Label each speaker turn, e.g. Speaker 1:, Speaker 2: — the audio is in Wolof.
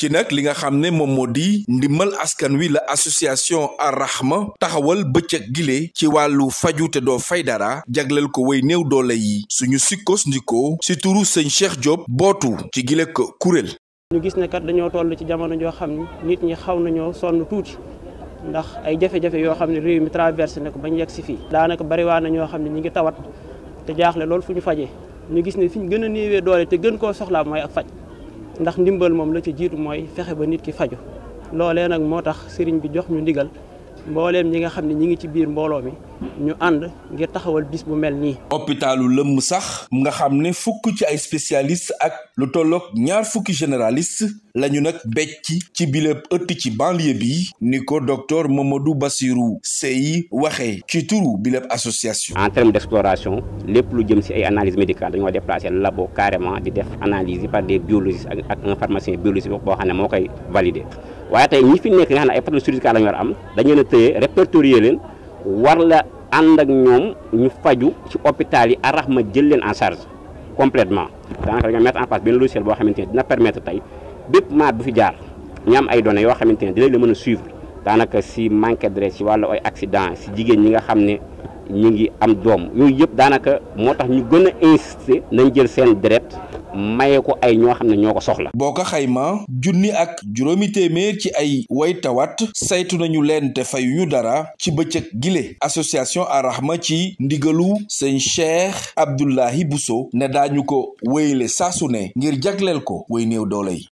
Speaker 1: ci nag li nga xam ne moom moo di ndimbal askan wi la association ma taxawal bëccëg gile ci wàllu faju te doo fay dara jagleel ko way néew doole yi suñu sikkos ndikoo si turu sëñ Cheikh Diop bootu ci gile ko kuréel.
Speaker 2: ñu gis ne kat dañoo toll ci jamono joo xam ni nit ñi xaw nañoo sonn tuuti. ndax ay jafe-jafe yoo xam ne réew mi traversé na ko bañ yegg si fii daanaka bari waa na ñoo xam ne ñi ngi tawat te jaaxle loolu fu ñu fajee ñu gis ne fi ñu gën a néewee doole te gën koo soxlaa mooy ak faj ndax ndimbal moom la ci jiitu mooy fexe ba nit ki faju loolee nag moo tax sëriñ bi jox ñu ndigal mbooleem ñi nga xam ne ñi ngi ci biir mbooloo mi ñu ànd ngir taxawal bis bu mel nii.
Speaker 1: hôpitalu lëmm sax nga xam ne fukk ci ay spécialiste ak lu tolloog ñaar fukki généraliste lañu nag becc ci bileb ëtt ci banlieue bi ni ko docteur Mamadou Bassirou Sey waxee ci turu bileb association.
Speaker 3: en terme d' exploration lépp lu jëm si ay analyse médicale dañoo déplacé labo carrément di def analyse par des biologistes ak ak un boo xam ne moo koy validé waaye tey ñi fi nekk nga xam ay pathologie chirurgicale la ñu war am dañu leen a téye leen war la ànd ak ñoom ñu faju ci hôpital yi arax ma jël leen en charge complètement daanaka dañoo boo xamante ne dina permettre tey. bépp maat bu fi jaar ñu ay données yoo xamante ne dinañ la mën a suivre daanaka si manque d'adresse si wàllu ay accident jigéen ñi nga xam ne ñu ngi am doom yooyu yëpp daanaka moo tax ñu gën a insister nañ jël seen deret maye ko ay ñoo xam ne ñoo ko soxla.
Speaker 1: boo ko xayma junni ak juróomi téeméer ci ay way tawat saytu nañu leen te fayuñu dara ci bëccëg gile association Arahma ci ndigalu sëñ Cheikh Abdoulahi Bousso ne daañu ko wéyle saasu ne ngir jagleel ko way néew doole yi.